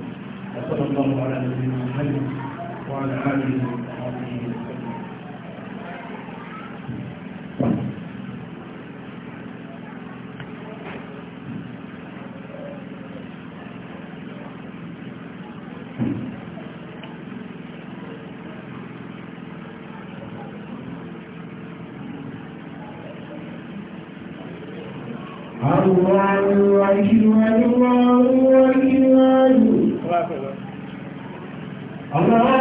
ẹ̀sọ́dọ̀ الله والإيمان الله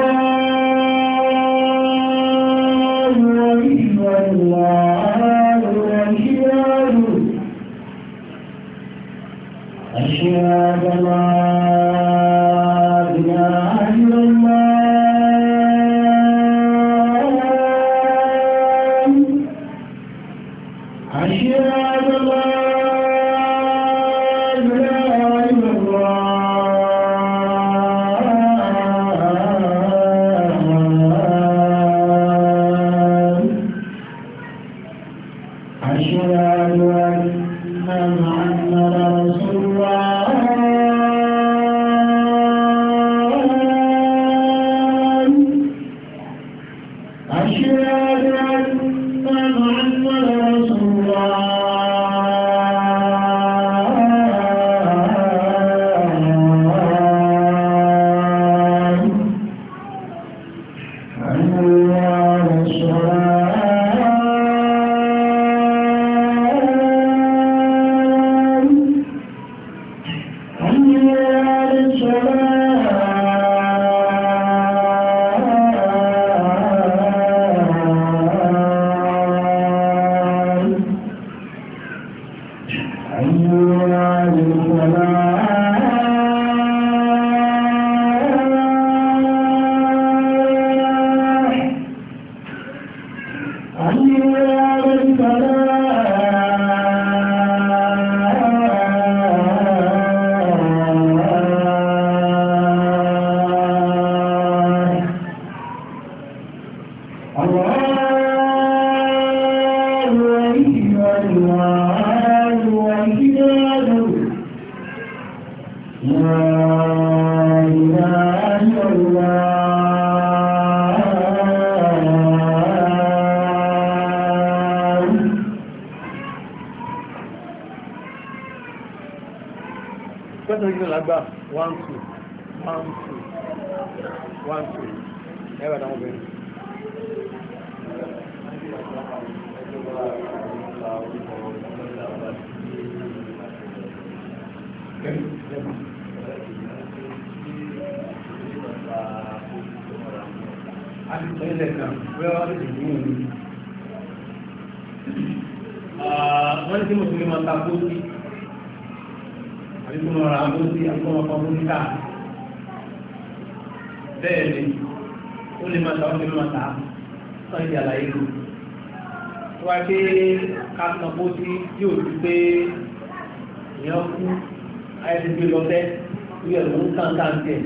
wọn tà ń tẹ̀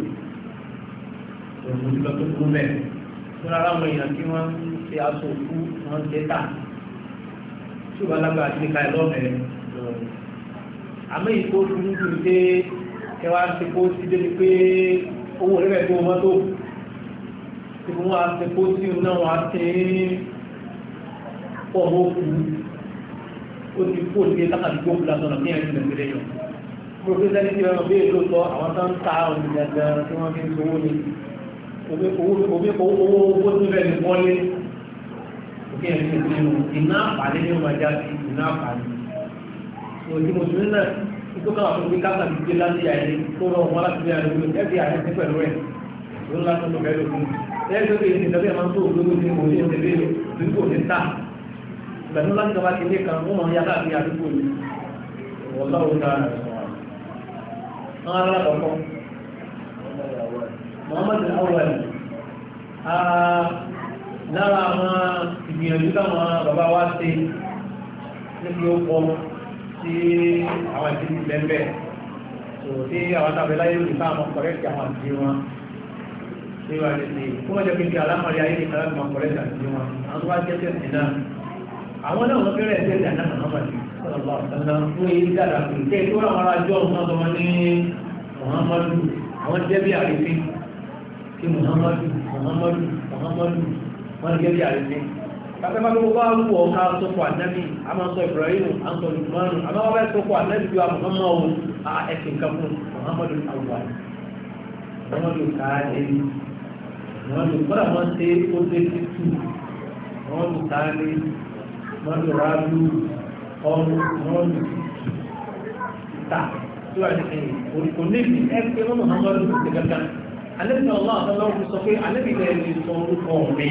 òmùdílọ tó kúrú bẹ́ẹ̀ fúnra láwọn èèyàn tí wọ́n ń ṣe aṣọ òkú wọ́n ń ṣe tà tí wọ́n lágbára sí ká ẹ lọ́mẹ̀ẹ́ àmì ìkó dúdú dùn dé kẹwàá ń ṣe kó sí débi pé owó rẹ̀ tó mọ́tò tí wọ́n á ṣe kó sí náà wọ́n á ṣe pọ̀ mọ́ òkú ó ti kó sí ẹ̀ lákàtúgbò fúlàtọ̀nà ní ẹ̀yìn ìgbẹ̀gbẹ̀rẹ̀ yọ̀ pòfẹ́sẹ́lì tí wọ́n bèèrè lóòtọ́ àwọn tó ń ta ọ̀nà ìjàgbọ̀n tí wọ́n fi ń sowó ni owó owó tó bẹ̀ ní wọlé òkè ẹ̀sìn ìpinnu iná àpàdé ní ọmọ ajá sí iná àpàdé òjì mùsùlùmí náà ikú káwọn tó fi káàkà ti gbé láti àyè tó rọ wọn láti bí àyè ẹbí àyè sí pẹ̀lú ẹ̀ ló ń lásán tó bẹ́ẹ̀ lókun ẹ̀yẹ́ tó bèèrè ìdọ́bẹ̀ máa ń tó olówó ní òye ìdẹ́bẹ̀ lóko ní ta ìgbà tó láti dọ́ba kéde kan ó mọ̀ ní yàtọ̀ àti àdúgbò ní wọ́n lọ́wọ́ dára àwọn ará àkọ́kọ́ Muhammadu awali ah, lára àwọn ìgbìyànjú táwọn bàbá wa ṣe níbi ọkọ̀ tí àwọn ìdílé lẹ́m̀bẹ̀ tó tí àwọn tàbí láyé òní táwọn kọ̀rẹ́tì àwọn àti wọn tí wà lè ṣe kó wọ́n jẹ́ pé kí alámọ̀rí ayé ní kọ̀rẹ́tì àwọn kọ̀rẹ́tì àti wọn àwọn tó wá jẹ́ tẹ̀sí náà àwọn náà wọ́n fẹ́rẹ̀ tẹ̀sí àná sọ̀rọ̀lọ́ ọ̀sán fún èyí dára kò tẹ́ tó rà wọn ajọ́ ọ̀sán tó wọn ní muhammadu àwọn jẹ́bi àrífín kí muhammadu muhammadu muhammadu wọn jẹ́bi àrífín. Bàbá bá gbogbo àwọn ọmọ ọ̀ka sọ́kọ̀ ànábì, a máa sọ Ibrahim, a ń sọ Lukmanu, a máa wá sọ́kọ̀ ànábì bí wa Muhammadu a ẹ̀sìn kan fún Muhammadu Awwal. Muhammadu Káàdéyì, ọrùn rọ́ọ̀lù ta tó wà ní kò ní ìdí ẹgbẹ́ mọ́mọ́ náà lọ́dún tó ti gàgà alẹ́bí náà lọ́wọ́ àtàlọ́ fi sọ pé alẹ́bí náà lè sọ orúkọ mi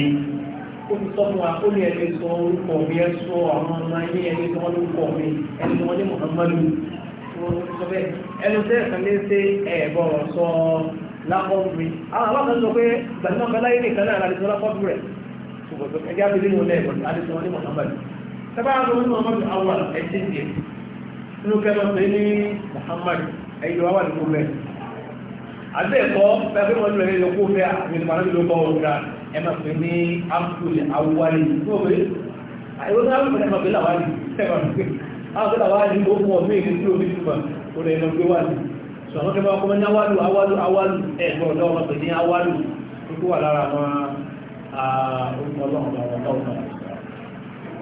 ó ti sọ fún wa ó lè lè sọ orúkọ mi ẹ sọ àwọn ọmọ ayé ẹ lè sọ orúkọ mi ẹ lè sọ wọn ní Muhammadu sọ bẹ́ẹ̀ ẹnu tẹ́ ẹ̀kan lé ṣe ẹ̀bọ̀ sọ lápọ̀bù mi àwọn alákan sọ pé gbàgbọ́n kan láyé nìkan náà láti sọ lápọ̀bù rẹ̀ ṣùgbọ́n ẹgbẹ́ sábàá ló ní muhammadu awal ẹ̀sìn tiẹ̀ nínú kẹ́lọ́ pé ní muhammadu ẹ̀yọ awal kó bẹ́ẹ̀ àti ẹ̀kọ́ pẹ̀lú wọn lórí ẹ̀yọ kó bẹ́ẹ̀ àmì ìpàdé ló bọ́ wọn gbà ẹ̀ máa pè ní abdul awali tó o bẹ́ẹ̀ àìwọ́n náà ló máa pè láwàlì àwọn pẹ̀lú àwàlì ó mú ọ̀mí ìlú tí omi túmọ̀ ó lè lọ gbé wà ní sọ̀rọ̀ kẹ́ bá kọ́ wọn pè ní awalu tó wà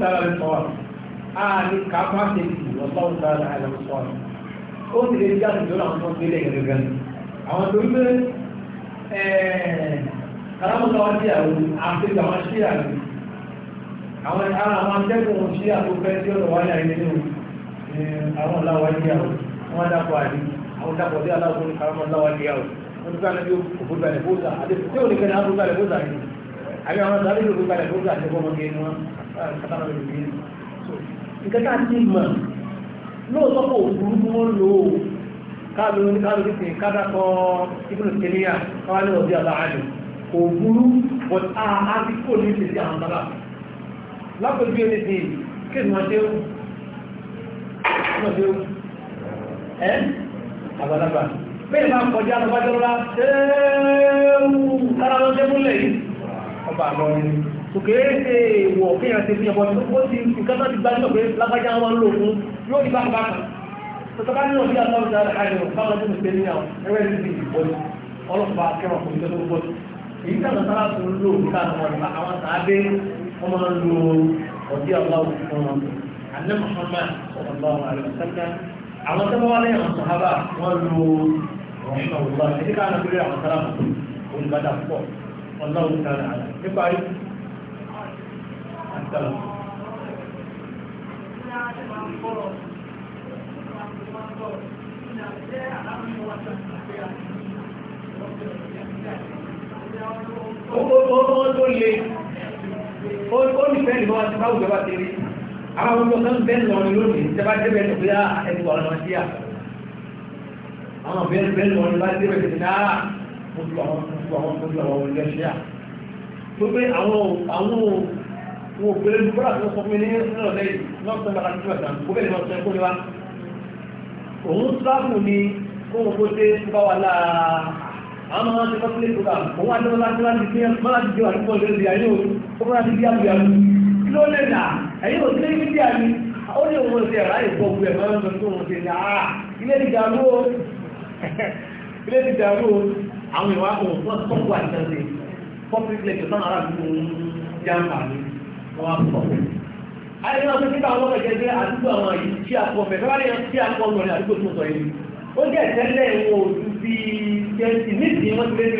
تعالى للصواب ààrẹ kàápá ṣe ti lọ́sọ́wọ́ sára àlọ́sọ́ ó ti lè jẹ́ àtijọ́ àwọn tó ń gbélé gẹ́gẹ́ ni àwọn tó ń gbé kàlámọ́tà wọn sí àwọn àfíríkà wọn sí àwọn àwọn ará àwọn akẹ́kọ̀ọ́ wọn sí àwọn fẹ́ tí ọ̀rọ̀ wáyà ilé nínú àwọn ọ̀làwà sí àwọn wọn dàpọ̀ àdé àwọn dàpọ̀ sí aláwọ̀ ní kàlámọ́tà wọn sí àwọn wọn tún kàlẹ́ bí òkú balẹ̀ bóòsà àti tí ò ní kẹ́ni àwọn balẹ̀ bóòsà yìí àbí àwọn sáré òkú balẹ̀ bóòsà àti ọmọge ni wọn nǹkan tá a ti mọ̀ lóòótọ́ kò burú kí wọ́n lò ó káàlù káàlù títí kádàkọ́ ibùdó kẹlẹ́yà káwá ní ọ̀dí àbáhàjò kò burú but a a ti kó ní ìṣẹ̀lẹ̀ àwọn bàbá lápẹ̀lú bí ẹni ti kí ni wọ́n ṣe ó wọ́n ṣe ó ẹ́ àgbàlagbà bẹ́ẹ̀ máa òkèèrè ìwọ̀ kéèyàn ti fi ọ̀pọ̀ tó kó ti nǹkan tó ti gbájúmọ̀ pé lágbájá wọn lò fún yóò ní bákan bákan tọ́tọ́ bá nílò bí i àwọn ọ̀dọ́ àìrò báwọn tó ń pè ní àwọn ẹgbẹ́ ti fi ìbọn ọlọ́pàá kẹwàá kò ní tó bọ́ èyí táwọn sára tó ń lò nípa àwọn ọ̀dọ́ àwọn sàábé wọn máa ń lo ọ̀dí ọ̀láwù fún wọn Tàbí. Ó tó le, ó nífẹ̀ẹ́ ìbọn àti báwùjọ bá ti rí. Àwọn ọmọ kan bẹ́ẹ̀ lọ ní lónìí, ìjọba jẹ́ bẹ́ẹ̀ lọ́pẹ́ ẹni wà lọ́nà sí à. Àwọn bẹ́ẹ̀ bẹ́ẹ̀ lọ ní bá dé bẹ́ẹ̀ tẹ̀lé náà, mo tu àwọn mo tu àwọn mo tu àwọn olùdẹ́sẹ̀ à. Tó pé àwọn wọn ò gbé lójú bọ́lá tó sọ fún mi ní ìrọ̀lẹ́ lẹ́yìn lọ́sọ̀ bàtà tó bàtà kó bẹ́ẹ̀ lọ́sọ̀ kó lé wa òun sáàmù ni kóhun kó dé bá wa lára àwọn ọmọ ti fọ́sílẹ̀ tó kà òun àti ọlá tí láti fi mọ́ láti jẹ́ àdúgbò lórí ìdí ayé òun ó bá láti bí àbúyàwó kí ló lè nà ẹ̀yìn òsílẹ̀ ibi díà ni ó ní òun ti ẹ̀rá ìfọ̀ òun ẹ̀ máa ń lọ sí òun ti nà á ilé ti dàrú o ilé ti dàrú o àwọn ìwà òun wọ́n tọ́kù àti ṣẹ́ńsì pọ́pì lẹ́kẹ̀ẹ́ sọ́nà aráàlú òun jáǹfà ni wọ́n á pọ̀. ayé náà tó ní àwọn yìí wọ́n ti lé three hundred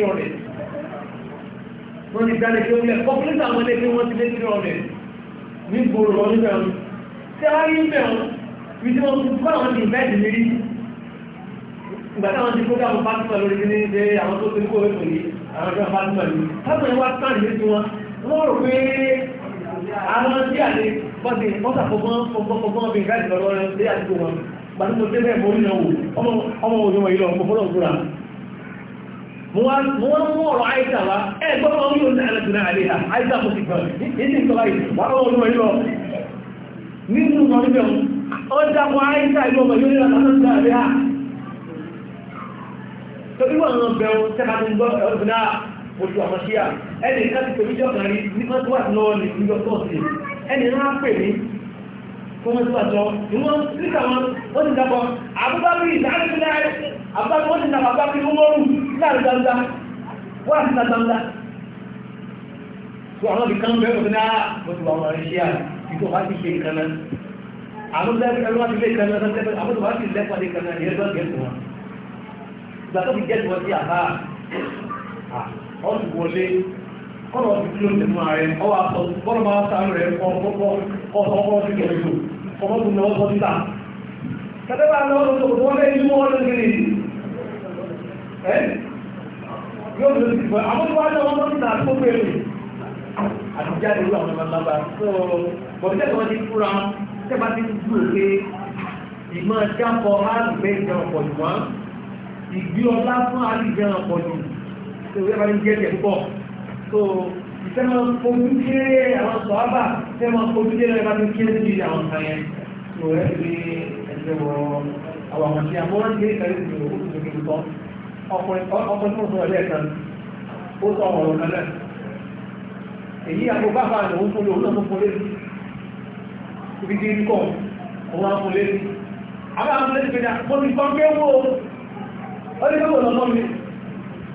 wọ́n ní gbòòrò lọ níbẹ̀ wọn tí a rí níbẹ̀ wọn fi tí wọ́n tún bá wọn ti bẹ́ẹ̀dì mi rí ti kókà wọn fásitì lórí ní àwọn tó ti kó ètò àwọn tí a lè bọ́dé mọ́sàfọ́gbọ́n bí gáàdì lọ́rọ́ rẹ̀ sí àdúgbò wọn pàtí mo tẹ́lẹ̀ mọ́ nínú ọmọ òyìnbó ìlọ ọ̀pọ̀lọ̀ gbúra mo wá mú ọ̀rọ̀ àìsà wá ẹ̀ gbọ́dọ̀ orí òun náà lẹ́tùnà àléhà àìsà mo ti gbọ́n ní ti sọ báyìí wà lọ́wọ́ òyìnbó ìlọ nínú ọmọ ìbẹ̀ ọjà mọ àìsà ìlú ọmọ yóò nílò àtàkùn àléhà torí wọn bẹ̀rù tẹ́ka tó ń gbọ́ ojú àwọn síyà ẹni ká ti pèmí jọ́kàn rí ní wọ́n tó wà lọ́wọ́ ní ìjọ tọ́ọ̀sì ẹni rán pè mí fọ́nà tó wà sọ ìwọ́n síkà wọn wọ́n ti dàpọ̀ àbúgbàbí ìdáríkìlẹ̀ àbúgbàbí wọ́n ti nà àbúgbàbí ọmọrùn láàrín gbangba wọ́n àti nà gbangba tó àwọn ìkan bẹ́ẹ̀ kò ní á ah, mo ti wà wọn rí síyà ìtò wá ti ṣe nǹkan náà àwọn ẹlọ́wà ti lé nǹkan náà sọ́kẹ́ àwọn ìwà ti lẹ́kọ̀ọ́ lé nǹkan náà ìyẹn lọ́gẹ̀ẹ́ fún wọn ìgbà tó fi jẹ́ ọlùwọlé kọ́lọ̀ ti kí ló tẹ̀mú ààrẹ ọwọ́ àtọ bọ́lọ̀ máa sáré rẹ̀ ọkọ̀ ọkọ̀ ti kẹ̀lẹ̀ jù ọmọ tó náwó sọ títà kẹtẹ́bà náà ló tó wọ́n lé inú wọn lókè ní ẹ́ yóò lè ti fẹ́ àwọn tó wá ní ọmọ títà tó gbé mi àtijáde ló àwọn ọmọ lábá tó bọ̀dé tó ti fúra tẹ́bà ti dúró pé ìmọ̀ jápọ̀ á lè jẹun pọ̀ jù wọ́n ìgbé ọlá fún àlè jẹun pọ̀ jù tó yẹ bá ní jẹ́ jẹ́ púpọ̀ tó ìfẹ́ máa ń fojú kéré àwọn sọ ábà ìfẹ́ máa ń fojú kéré bá ní kéré sí àwọn kan yẹn tó rẹ̀ fi ẹ̀jẹ̀ wọ àwọn àwọn àti àwọn ọ̀rọ̀ kéré kéré sí òkú tó kékeré tọ́ ọkùnrin tó sọ ọ̀rẹ́ kan ó sọ ọ̀rọ̀ kan náà èyí àpò bàbá àdéhùn fún lòun náà tó fún lé ibi tí ń kọ̀ òun á fún lé àwọn àwọn lè fi ní àpò ní kọ́ńkéwò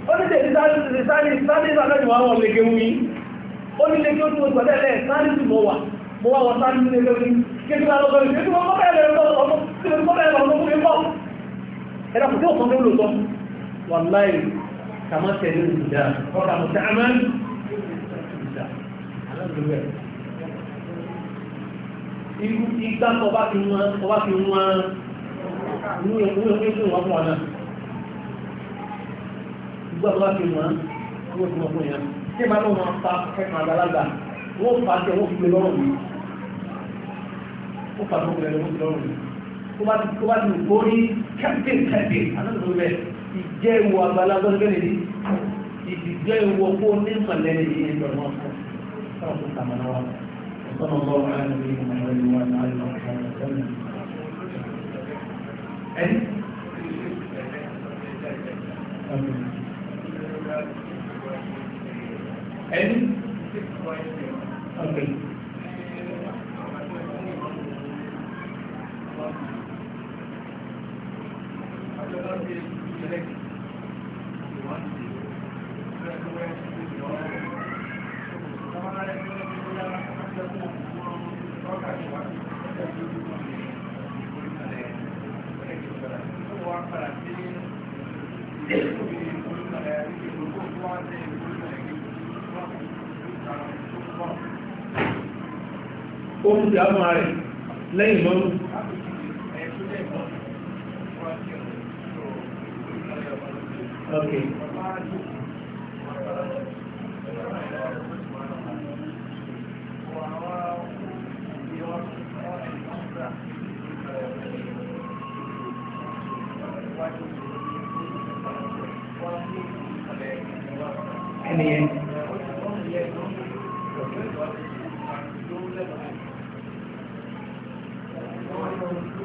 ó ní tẹ̀lé sáàrí sáàrí sáàrí ìsàlẹ́jù wà wọ́n lẹ́gẹ̀ wí ó ní lẹ́gẹ̀ ó tí mo gbọ́dẹ̀lẹ̀ sáàrí tí mo wà mo wà wọ́n sáàrí lẹ́gẹ̀ wí kéjì lọ́wọ́ lọ́wọ́ ìgbésí mo kọ́ bẹ́ẹ̀ lọ́wọ́ ọmọ tí mo kọ́ bẹ́ẹ̀ lọ́wọ́ ọmọ mi bọ́ ẹ̀dá kò tí ó kọ́ bẹ́ẹ̀ lọ́tọ́ wà láì kàmá tẹ̀lé ìdá ọ̀rọ̀ àmọ̀tẹ́ àmọ́ ìgbà ọba fi wọn ọba fi wọn ní ẹgbẹ́ ìwọ̀n fún ọ gbọ́dọ̀ bá fi mọ̀ án kí wọ́n ti mọ̀ fún yẹn tí ìbá náà máa fa ẹ̀kan àgbàlagbà wọ́n fa ṣe wọ́n fi lè lọ́rùn mi ó fa ṣe wọ́n fi lè lọ́rùn mi tó bá ti tó bá ti kó ní kẹ́pìn kẹ́pìn anáàtò rẹ̀ ìjẹ́ ìwọ àgbàlagbà ló bẹ̀rẹ̀ ní ìdìjẹ́ ìwọ kó ní mọ̀lẹ́ni yìí ń bẹ̀rẹ̀ wọn fún sáwọn tó tàmà náà wà وصلى الله على نبينا محمد وعلى اله وصحبه وسلم. أي؟ N? Okay. lẹ́yìn lọ́rùn ok ẹni yẹn.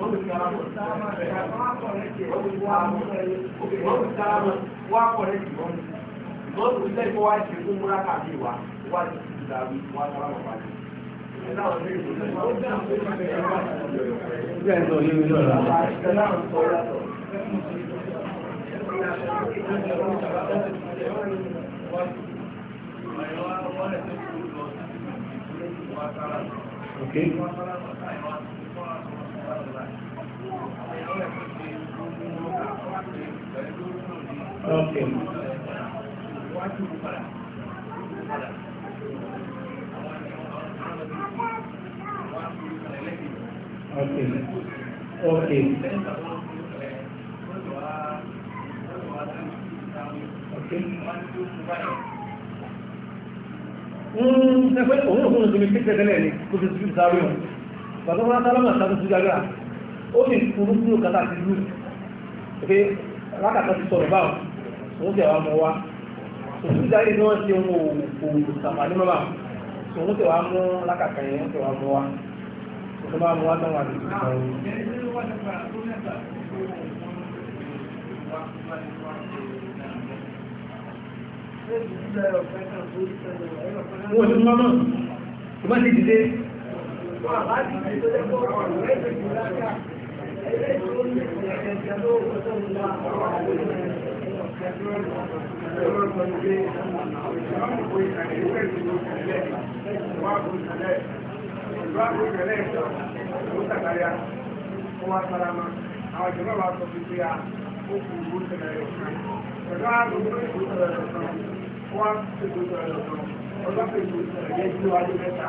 wọ́n Okay. Okay. Okay. Okay. Okay. Hmm, òun òun òun ti mi pípẹ́ tẹ́lẹ̀ ní kó ti ti sáré òun pàtàkùn atálámà sábà sí gbàgbà ó sì kúrú kúrò kátà sí lù pé lákàtà ti sọ̀rọ̀ báwọn òun tẹ̀wà mọ́ wa òun jáde ní wọ́n ti ohun òògùn sàmà ní mọ́bà òun tẹ̀wà mú lákàtà yẹn tẹ̀wà mọ́ wa òun máa mú wa tán wà lóṣù kan wọ́n Àwọn ìjọba wa sọ fi pé a ó kú ìwé ìṣẹ̀lẹ̀ ọ̀sán. Ẹ̀dá àgbò ló ń ṣe ìṣẹ̀lẹ̀ ọ̀sán. Wọ́n á ṣètò ìṣẹ̀lẹ̀ ọ̀sán. Ọlọ́pẹ̀ ìṣẹ̀lẹ̀ yẹn tí ó wájú mẹ́ta.